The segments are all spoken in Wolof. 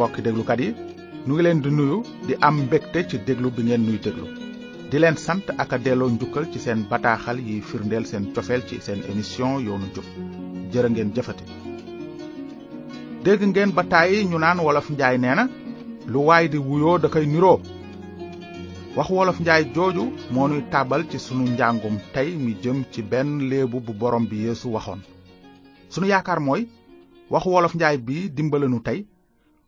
mbokki déglukat yi nu ngi leen di nuyu di am mbégte ci déglu bi ngeen nuy déglu di leen sant ak a delloo njukkal ci seen bataaxal yi firndeel seen cofeel ci seen émission yoonu jub jërë ngeen jëfati dégg ngeen ba taay ñu naan wolof njaay nee na lu waay di wuyoo da koy niroo wax wolof njaay jooju moo nuy tàbbal ci sunu njàngum tey mi jëm ci benn léebu bu borom bi yeesu waxoon sunu yaakaar mooy wax wolof njaay bi dimbalanu tey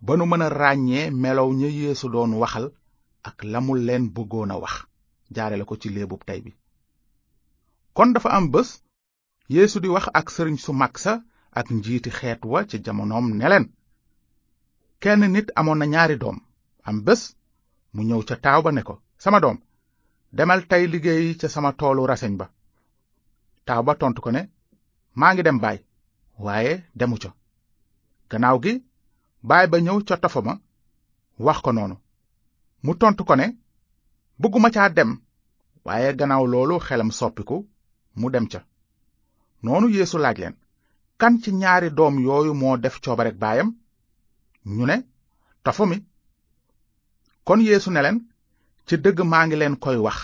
ba nu mën a ràññee melow ña yeesu doon waxal ak lamu leen bëggoon a wax jaarale ko ci léebub tey bi kon dafa am bés yéesu di wax ak sëriñ su mag sa ak njiiti xeet wa ci jamonoom ne leen kenn nit amoon na ñaari doom am bés mu ñëw ca taaw ba ne ko sama doom demal tey liggéey ca sama toolu raseñ ba taaw ba tontu ko ne maa ngi dem baay waaye demu ca gannaaw gi baay ba ñëw ca tafa ma wax ko noonu mu tontu ko ne bëgguma caa dem waaye gannaaw loolu xelam soppiku mu dem ca noonu yéesu laaj leen kan ci ñaari doom yooyu moo def coobarek baayam ñu ne tafa mi kon yéesu ne leen ci dëgg maa ngi leen koy wax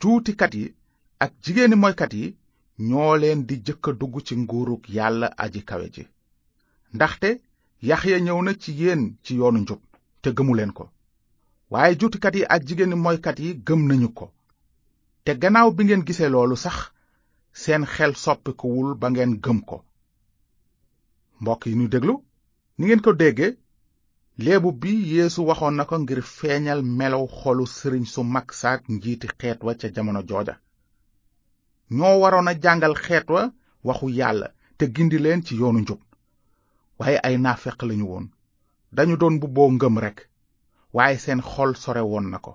juutikat yi ak jigéeni moykat yi ñoo leen di jëkk a dugg ci nguurug yàlla aji kawe ji ndaxte yaxya ñëw na ci yéen ci yoonu njub te gëmuleen ko waaye juutikat yi ak jigéeni moykat yi gëm nañu ko te gannaaw bi ngeen gisee loolu sax seen xel soppikuwul ba ngeen gëm ko mbokk yi ñu déglu ni ngeen ko dégge léebu bi yéesu waxoon na ko ngir feeñal melow xolu sëriñ su mag saak njiiti xeet wa ca jamono jooja ñoo waroon a jàngal xeet wa waxu yàlla te gindi leen ci yoonu njub waaye ay naafeq lañu woon dañu doon bubboo ngëm rekk waaye seen xol sore woon na ko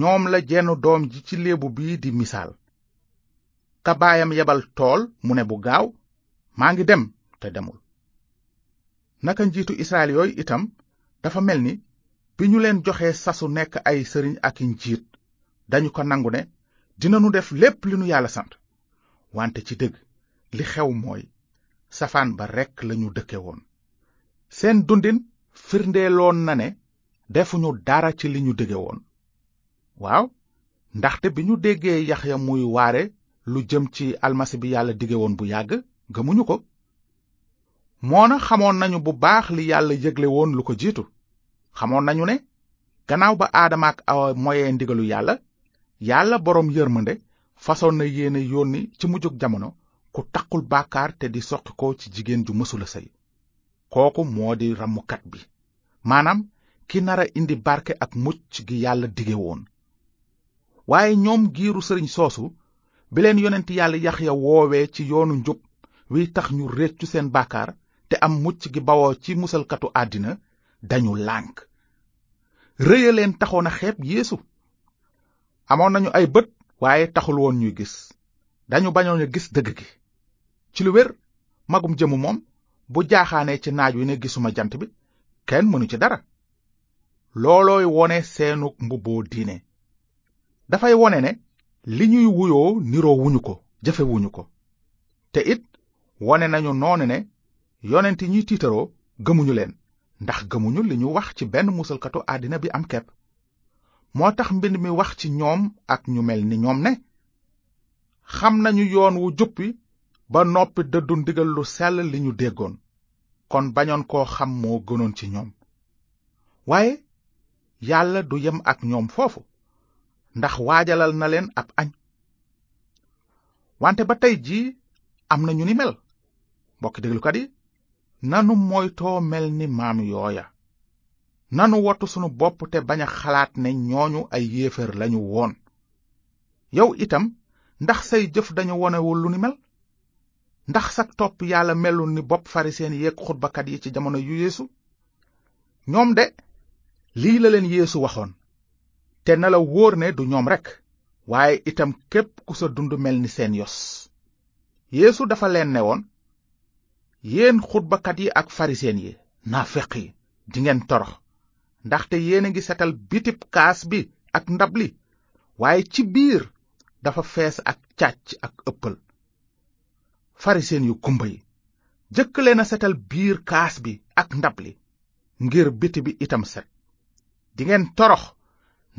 ñoom la jenn doom ji ci léebu bii di misaal ka baayam yebal tool mu ne bu gaaw maa ngi dem te demul naka njiitu israel yooyu itam dafa mel ni bi ñu leen joxee sasu nekk ay sëriñ ak njiit dañu ko nangu ne dinañu def lépp li nu yàlla sant wante ci dëgg li xew mooy safaan rekk lañu dëkke woon seen dundin firndeeloon na ne defuñu dara ci li ñu dégge woon waaw ndaxte bi ñu déggee Yaxya muy waare lu jëm ci almasi bi yàlla dige woon bu yàgg gëmuñu ko moo na xamoon nañu bu baax li yàlla yëgle woon lu ko jiitu xamoon nañu ne gannaaw ba aadama ak awa moyee ndigalu yàlla yàlla boroom yërmande fasoon na yéene yónni ci mujjug jamono ku taqul baakaar te di soqi ko ci jigéen ju mësula sëy kooku moo di ramukat bi maanaam ki nara indi barke ak mucc gi yàlla dige woon waaye ñoom giiru sëriñ soosu bi leen yonent yàlla Yaxya woowee ci yoonu njub wiy tax ñu réccu seen baakaar te am mucc gi bawoo ci musalkatu àddina dañu lànk rëya leen taxoon a xeeb yéesu amoon nañu ay bët waaye taxul woon ñuy gis dañu bañoon a gis dëgg gi ci lu wér magum jëmu moom bu jaaxaanee ci naaj wi ne gisuma jant bi kenn mënu ci dara loolooy wone seenu mbubboo diine dafay wone ne li ñuy wuyoo niroo ko jëfewuñu ko te it wone nañu noonu ne yonent ñuy tiitaroo gëmuñu leen ndax gëmuñu li ñu wax ci benn musalkatu àddina bi am kepp moo tax mbind mi wax ci ñoom ak ñu mel ni ñoom ne xam nañu yoon wu jub ba noppi dëddu ndigal lu sell li ñu déggoon kon bañoon koo xam moo gënoon ci ñoom waaye yàlla du yem ak ñoom foofu ndax waajalal na leen ab añ wante ba tey jii am na ñu ni mel mbokki déglukat yi nanu moytoo mel ni maam yooya nanu wattu sunu bopp te baña xalaat ne ñooñu ay yéefar lañu woon yow itam ndax say jëf dañu wonewul lu ni mel ndax sag topp yàlla melul ni bopp fariseen yeeg xutbakat yi ci jamono yu yéesu ñoom de lii la leen yéesu waxoon te na la wóor ne du ñoom rekk waaye itam képp ku sa dund mel ni seen yos yéesu dafa leen ne woon yéen xutbakat yi ak fariseen yi naafeq yi dingeen torox ndaxte yéen a ngi setal bitib kaas bi ak ndab li waaye ci biir dafa fees ak càcc ak ëppal fariseen yu kumba yi jëkk leen a setal biir kaas bi ak ndab li ngir biti bi itam set dingeen torox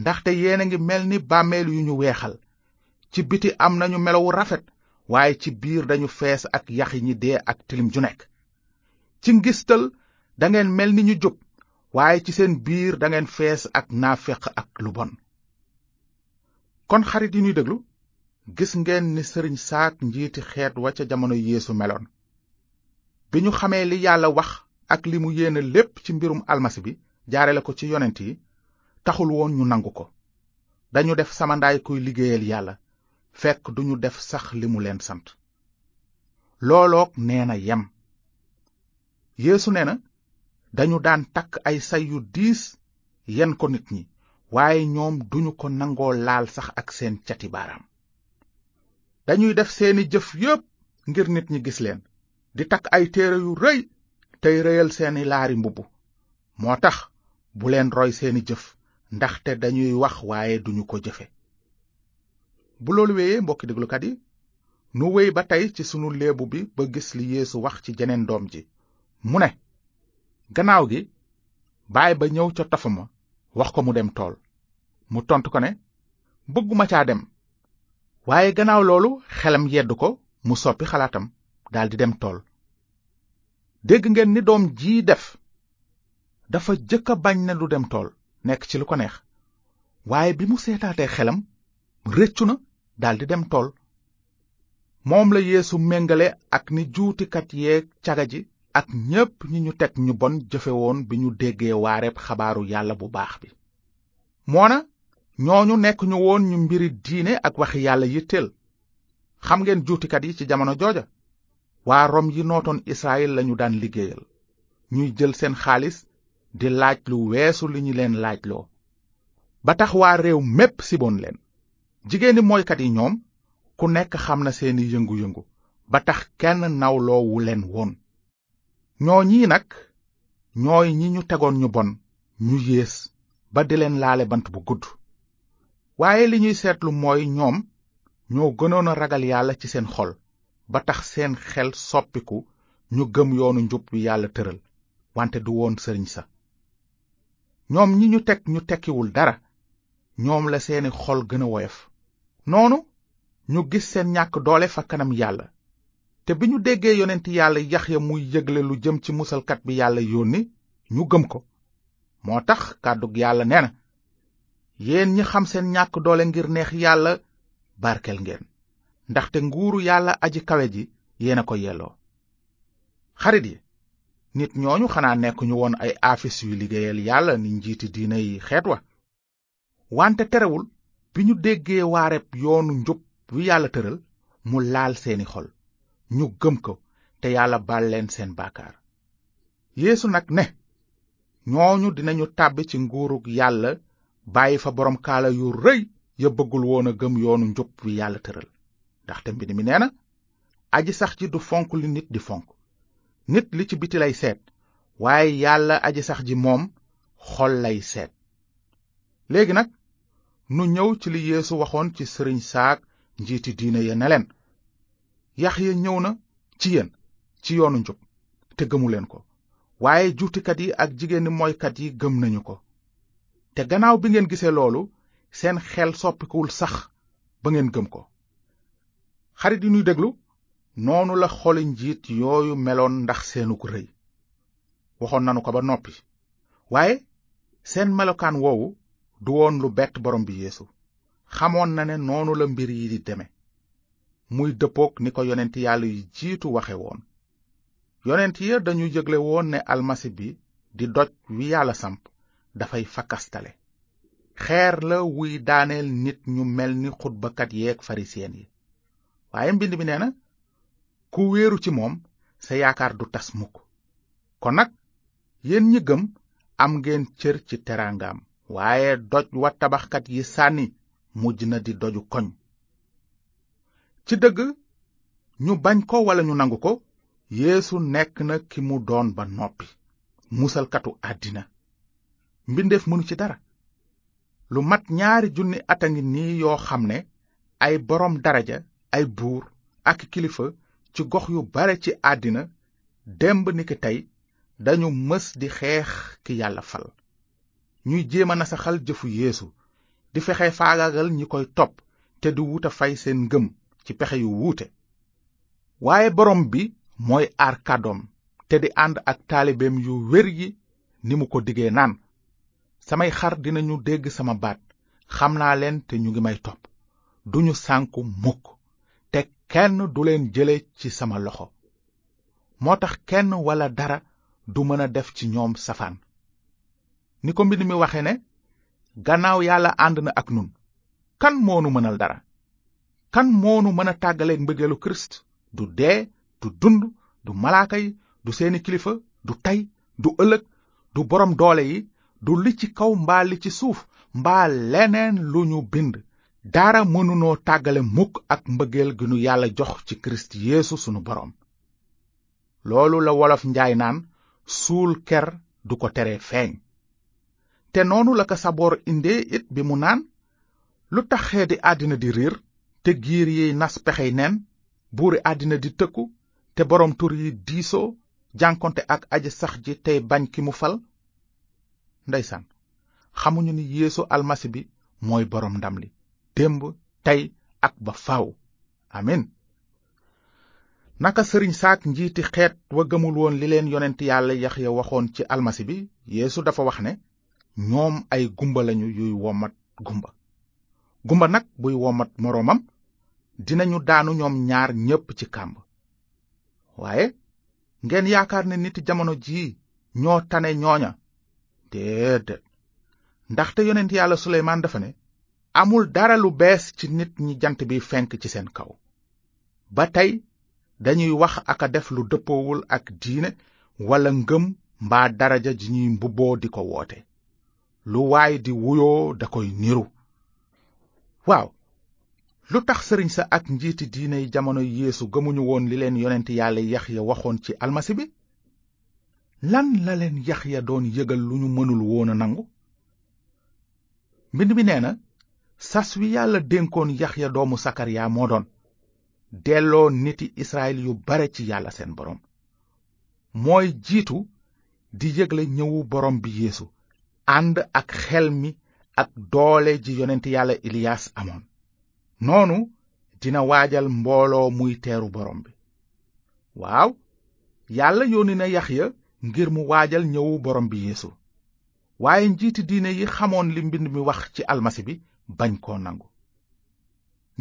ndaxte yéen a ngi mel ni bàmmeel yu ñu weexal ci biti am na nañu melowu rafet waaye ci biir dañu fees ak yaxi ñi dee ak tilim ju nekk ci ngistal dangeen mel ni ñu jub waaye ci seen biir dangeen fees ak naaféq ak lu bon kon xarit yi ñuy déglu gis ngeen ni sëriñ saak njiiti xeet wa ca jamono yéesu meloon bi ñu xamee li yàlla wax ak li mu yéene lépp ci mbirum almasi bi jaarale ko ci yonent yi taxul woon ñu nangu ko dañu def samandaay kuy liggéeyal yàlla fekk duñu def sax li mu leen sant looloog nee na yem yeesu nee na dañu daan takk ay say yu diis yen ko nit ñi waaye ñoom duñu ko nangoo laal sax ak seen cati baaraam dañuy def seeni jëf yépp ngir nit ñi gis leen di takk ay téere yu rëy tey rëyal seeni laari mbubb moo tax bu leen roy seeni jëf ndaxte dañuy wax waaye duñu ko jëfe bu loolu wéyee mbokki déglukat yi nu wéy ba tey ci sunu leebu bi ba gis li yéesu wax ci jeneen doom ji mu ne gannaaw gi baay ba ñëw ca tofama wax ko mu dem tool mu tontu ko ne bëgguma caa dem waaye gannaaw loolu xelam yedd ko mu soppi xalaatam daldi dem tool dégg ngeen ni doom jii def dafa jëkk a bañ na du dem tool nekk ci lu ko neex waaye bi mu seetaatee xelam rëccu na daldi dem tool moom la yéesu méngale ak ni juutikat yee caga ji ak ñépp ñi ñu teg ñu bon jëfe woon bi ñu déggee waareeb xabaaru yàlla bu baax bi moona ñooñu nekk ñu woon ñu mbiri diine ak wax yàlla yitteel xam ngeen juutikat yi ci jamono jooja waa rom yi nootoon israel lañu daan liggéeyal ñuy jël seen xaalis di laaj lu weesu li ñu leen laajloo ba tax waa réew mépp siboon leen jigéeni mooykat yi ñoom ku nekk xam na seeni yëngu-yëngu ba tax kenn nawloowu leen woon ñoo ñii nag ñooy ñi ñu tegoon ñu bon ñu yées ba di leen laale bant bu gudd waaye li ñuy seetlu mooy ñoom ñoo gënoon a ragal yàlla ci seen xol ba tax seen xel soppiku ñu gëm yoonu njub wi yàlla tëral wante du woon sëriñ sa ñoom ñi ñu teg ñu tekkiwul dara ñoom la seeni xol gën a woyof noonu ñu gis seen ñàkk doole fa kanam yàlla te bi ñu déggee yonent yàlla Yaxya muy yëgle lu jëm ci musalkat bi yàlla yónni ñu gëm ko moo tax kàddu yàlla nee na yéen ñi xam seen ñàkk doole ngir neex yàlla barkel ngeen ndaxte nguuru yàlla aji kawe ji yéen a ko yelloo xarit yi nit ñooñu xanaa nekkuñu woon ay aafis yu liggéeyal yàlla ni njiiti diina yi xeet wa wante terewul bi ñu déggee waareb yoonu njub wi yàlla tëral mu laal seeni xol ñu gëm ko te yàlla baal leen seen baakaar yeesu nag ne ñooñu dinañu tàbb ci nguurug yàlla bàyyi fa boroom kaala yu rëy ya bëggul woon a gëm yoonu njub wi yàlla tëral ndaxte mbind mi nee na aji sax ji du fonk li nit di fonk nit li ci biti lay seet waaye yàlla aji sax ji moom xol lay seet léegi nag nu ñëw ci li yeesu waxoon ci sëriñ saak njiiti diina ya ne leen yi ñëw na ci yéen ci yoonu njub te gëmu leen ko waaye juutikat yi ak jigéeni moykat yi gëm nañu ko te gannaaw bi ngeen gisee loolu seen xel soppikuwul sax ba ngeen gëm ko xarit yi ñuy déglu noonu la xoli njiit yooyu meloon ndax seenug rëy waxoon nanu ko ba noppi waaye seen melokaan woowu du woon lu bett borom bi yéesu xamoon na ne noonu la mbir yi di deme muy dëppook ni ko yonent yàlla yu jiitu waxe woon yonent ya dañu yëgle woon ne almasi bi di doj wi yàlla samp dafay fakastale xeer la wuy daaneel nit ñu mel ni xutbakat yeeg farisiyen yi waaye mbind mi nee na ku wéeru ci moom sa yaakaar du tas mukk kon nag yéen ñi am ngeen cër ci teraangaam waaye doj wa tabaxkat yi sànni mujj na di doju koñ ci dëgg ñu bañ ko walla ñu nangu ko yéesu nekk na ki mu doon ba noppi musalkatu àddina mbindeef mënu ci dara lu mat ñaari junni at a ngi nii yoo xam ne ay boroom daraja ay buur ak kilifa ci gox yu bare ci àddina démb niki tey dañu mës di xeex ki yàlla fal ñuy jéem a nasaxal jëfu yéesu di fexe faagaagal ñi koy topp te di wuta fay seen ngëm ci pexe yu wuute waaye borom bi mooy aar kàddoom te di ànd ak taalibeem yu wér yi ni mu ko diggee naan samay xar dinañu dégg sama baat xam naa leen te ñu ngi may topp duñu sànku mukk te kenn du leen jële ci sama loxo moo tax kenn walla dara du mën a def ci ñoom safaan ni ko mbind mi waxe ne gannaaw yàlla ànd na ak nun kan moonu mënal dara kan moonu mën a tàggaleeg mbëggeelu kirist du dee du dund du malaaka yi du seeni kilifa du tey du ëllëg du borom doole yi du li ci kaw mbaa li ci suuf mbaa leneen lu ñu bind dara mënunoo tàggale mukk ak mbëggeel gi nu yàlla jox ci kirist yeesu sunu boroom loolu la wolof njaay naan suul ker du ko tere feeñ te noonu la ko saboor indee it bi mu naan lu tax xeeti àddina di riir te giir yi nas pexey nen buuri àddina di tëkku te boroom tur yi diisoo jànkonte ak aji sax ji tey bañ ki mu fal ndeysaan xamuñu ni yéesu almasi bi mooy boroom ndam li démb tey ak ba faaw amin naka sëriñ saak njiiti xeet wa gëmul woon li leen yonent yàlla yaxya waxoon ci almasi bi yéesu dafa wax ne ñoom ay gumba lañu yuy womat gumba gumba nag buy womat moroomam dinañu daanu ñoom ñaar ñépp ci kàmb waaye ngeen yaakaar ne niti jamono jii ñoo tane ñooña déedéet ndaxte yonent yàlla suleymaan dafa ne amul dara lu bees ci nit ñi jant bi fenk ci seen kaw ba tey dañuy wax ak def lu dëppoowul ak diine walla ngëm mbaa daraja ji ñuy mbubboo di ko woote lu waay di wuyoo da koy niru waaw lu tax sëriñ sa ak njiiti yi jamono yéesu gëmuñu woon li leen yonent yàlla yaxya waxoon ci almasi bi lan la leen Yaxya doon lu ñu mënul woon a nangu mbind mi nee na sas wi yàlla dénkoon Yaxya doomu Sakariya moo doon delloo niti Israyil yu bare ci yàlla seen boroom mooy jiitu di yëgle ñëwu borom bi yéesu ànd ak xel mi ak doole ji yonent yàlla Iliyaas amoon noonu dina waajal mbooloo muy teeru boroom bi waaw yàlla yónni na Yaxya ngir mu waajal ñëwu borom bi yeesu waaye njiiti diine yi xamoon li mbind mi wax ci almasi bi bañ koo nangu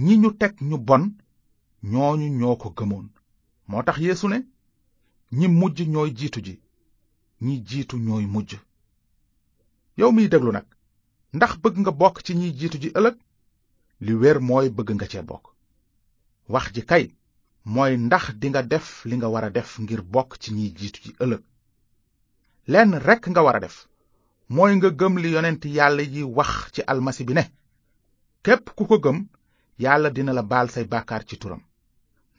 ñi ñu teg ñu bon ñooñu ñoo ko gëmoon moo tax yéesu ne ñi mujj ñooy jiitu ji ñi jiitu ñooy mujj yow mii déglu nag ndax bëgg nga bokk ci ñiy jiitu ji ëllëg li wér mooy bëgg nga cee bokk wax ji kay mooy ndax dinga def li nga war a def ngir bokk ci ñiy jiitu ji ëllëg lenn rekk nga war a def mooy nga gëm li yonent yàlla yi wax ci almasi bi ne képp ku ko gëm yàlla dina la baal say bàkkaar ci turam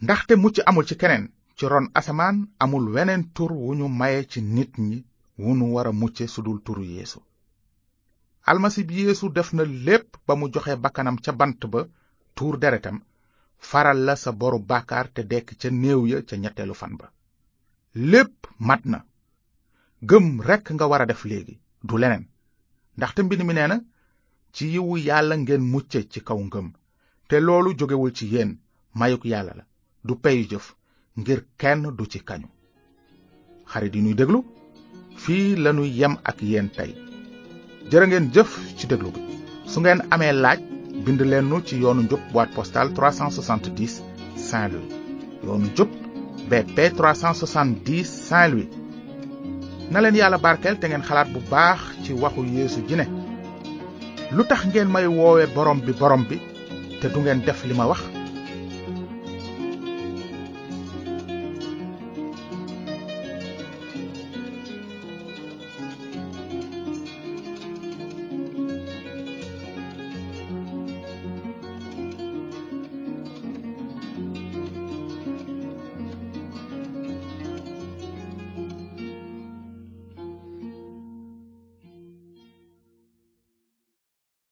ndaxte mucc amul ci keneen ci ron asamaan amul weneen tur wu ñu maye ci nit ñi wu nu war a mucce su dul tur yéesu almasi bi yéesu def na lépp ba mu joxe bakkanam ca bant ba tuur deretam faral la sa boru bàkkaar te dekk ca néew ya ca ñetteelu fan ba lépp mat na gëm rekk nga war a def léegi du leneen ndaxte mbind mi nee na ci yiwu yàlla ngeen mucce ci kaw ngëm te loolu jógewul ci yéen mayuk yàlla la du peyu jëf ngir kenn du ci kañu xarit yi ñuy déglu fii lanu yem ak yéen tey jërë ngeen jëf ci déglu bi su ngeen amee laaj bind leen nu ci yoonu njub boîte postale 370 Saint-Louis yoonu njub BP 370 Saint-Louis na leen yàlla barkeel te ngeen xalaat bu baax ci waxu yeesu ji ne lu tax ngeen may woowe borom bi borom bi te du ngeen def li ma wax